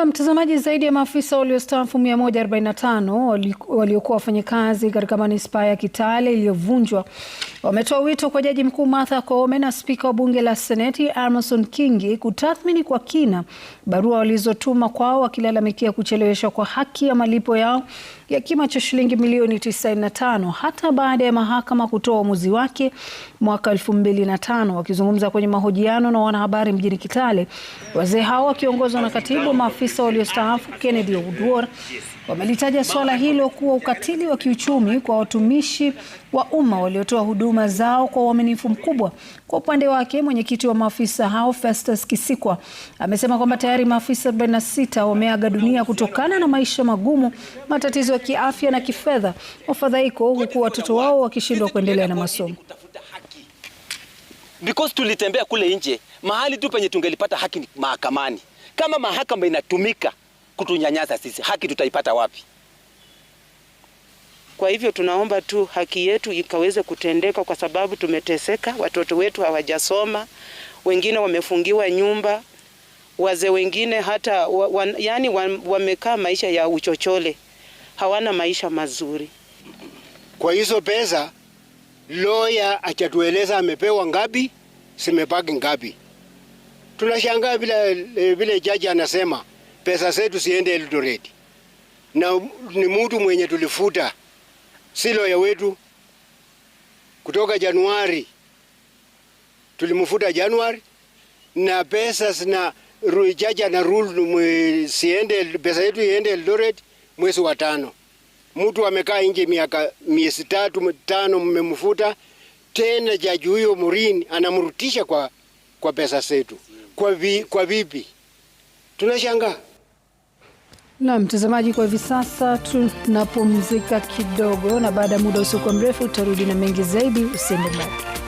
Na mtazamaji, zaidi ya maafisa waliostaafu 145 waliokuwa wafanyakazi katika manispaa ya Kitale iliyovunjwa wametoa wito kwa Jaji Mkuu Martha Koome na Spika wa Bunge la Seneti Amason Kingi kutathmini kwa kina barua walizotuma kwao wakilalamikia kucheleweshwa kwa haki ya malipo yao ya kima cha shilingi milioni 95 hata baada ya mahakama kutoa uamuzi wake mwaka 2005. Wakizungumza kwenye mahojiano na wanahabari mjini Kitale, wazee hao wakiongozwa na katibu maafisa waliostaafu Kennedy Oduor Wamelitaja suala hilo kuwa ukatili wa kiuchumi kwa watumishi wa umma waliotoa huduma zao kwa uaminifu mkubwa. Kwa upande wake, mwenyekiti wa maafisa hao Festus Kisikwa amesema kwamba tayari maafisa 46 wameaga dunia kutokana na maisha magumu, matatizo ya kiafya na kifedha, wafadhaiko, huku watoto wao wakishindwa kuendelea na masomo. Because tulitembea kule nje, mahali tu penye tungelipata haki ni mahakamani. Kama mahakama inatumika kutunyanyasa sisi, haki tutaipata wapi? Kwa hivyo tunaomba tu haki yetu ikaweze kutendeka, kwa sababu tumeteseka, watoto wetu hawajasoma, wengine wamefungiwa nyumba, wazee wengine hata wa, wa, yani wamekaa maisha ya uchochole, hawana maisha mazuri. Kwa hizo pesa loya achatueleza amepewa ngapi, zimebaki ngapi? Tunashangaa vile eh, vile jaji anasema pesa zetu ziende Eldoret, na ni mtu mwenye tulifuta silo ya wetu kutoka Januari, tulimfuta Januari na pesa zina rujaja na rule siende pesa yetu iende Eldoret mwezi wa tano. Mtu amekaa nje miaka miezi tatu tano, mmemfuta tena. Jaji huyo Murini anamrutisha kwa, kwa pesa zetu kwa, vi, kwa vipi? Tunashangaa. Na mtazamaji, kwa hivi sasa tunapumzika kidogo, na baada ya muda usiokuwa mrefu utarudi na mengi zaidi. Usiende mbali.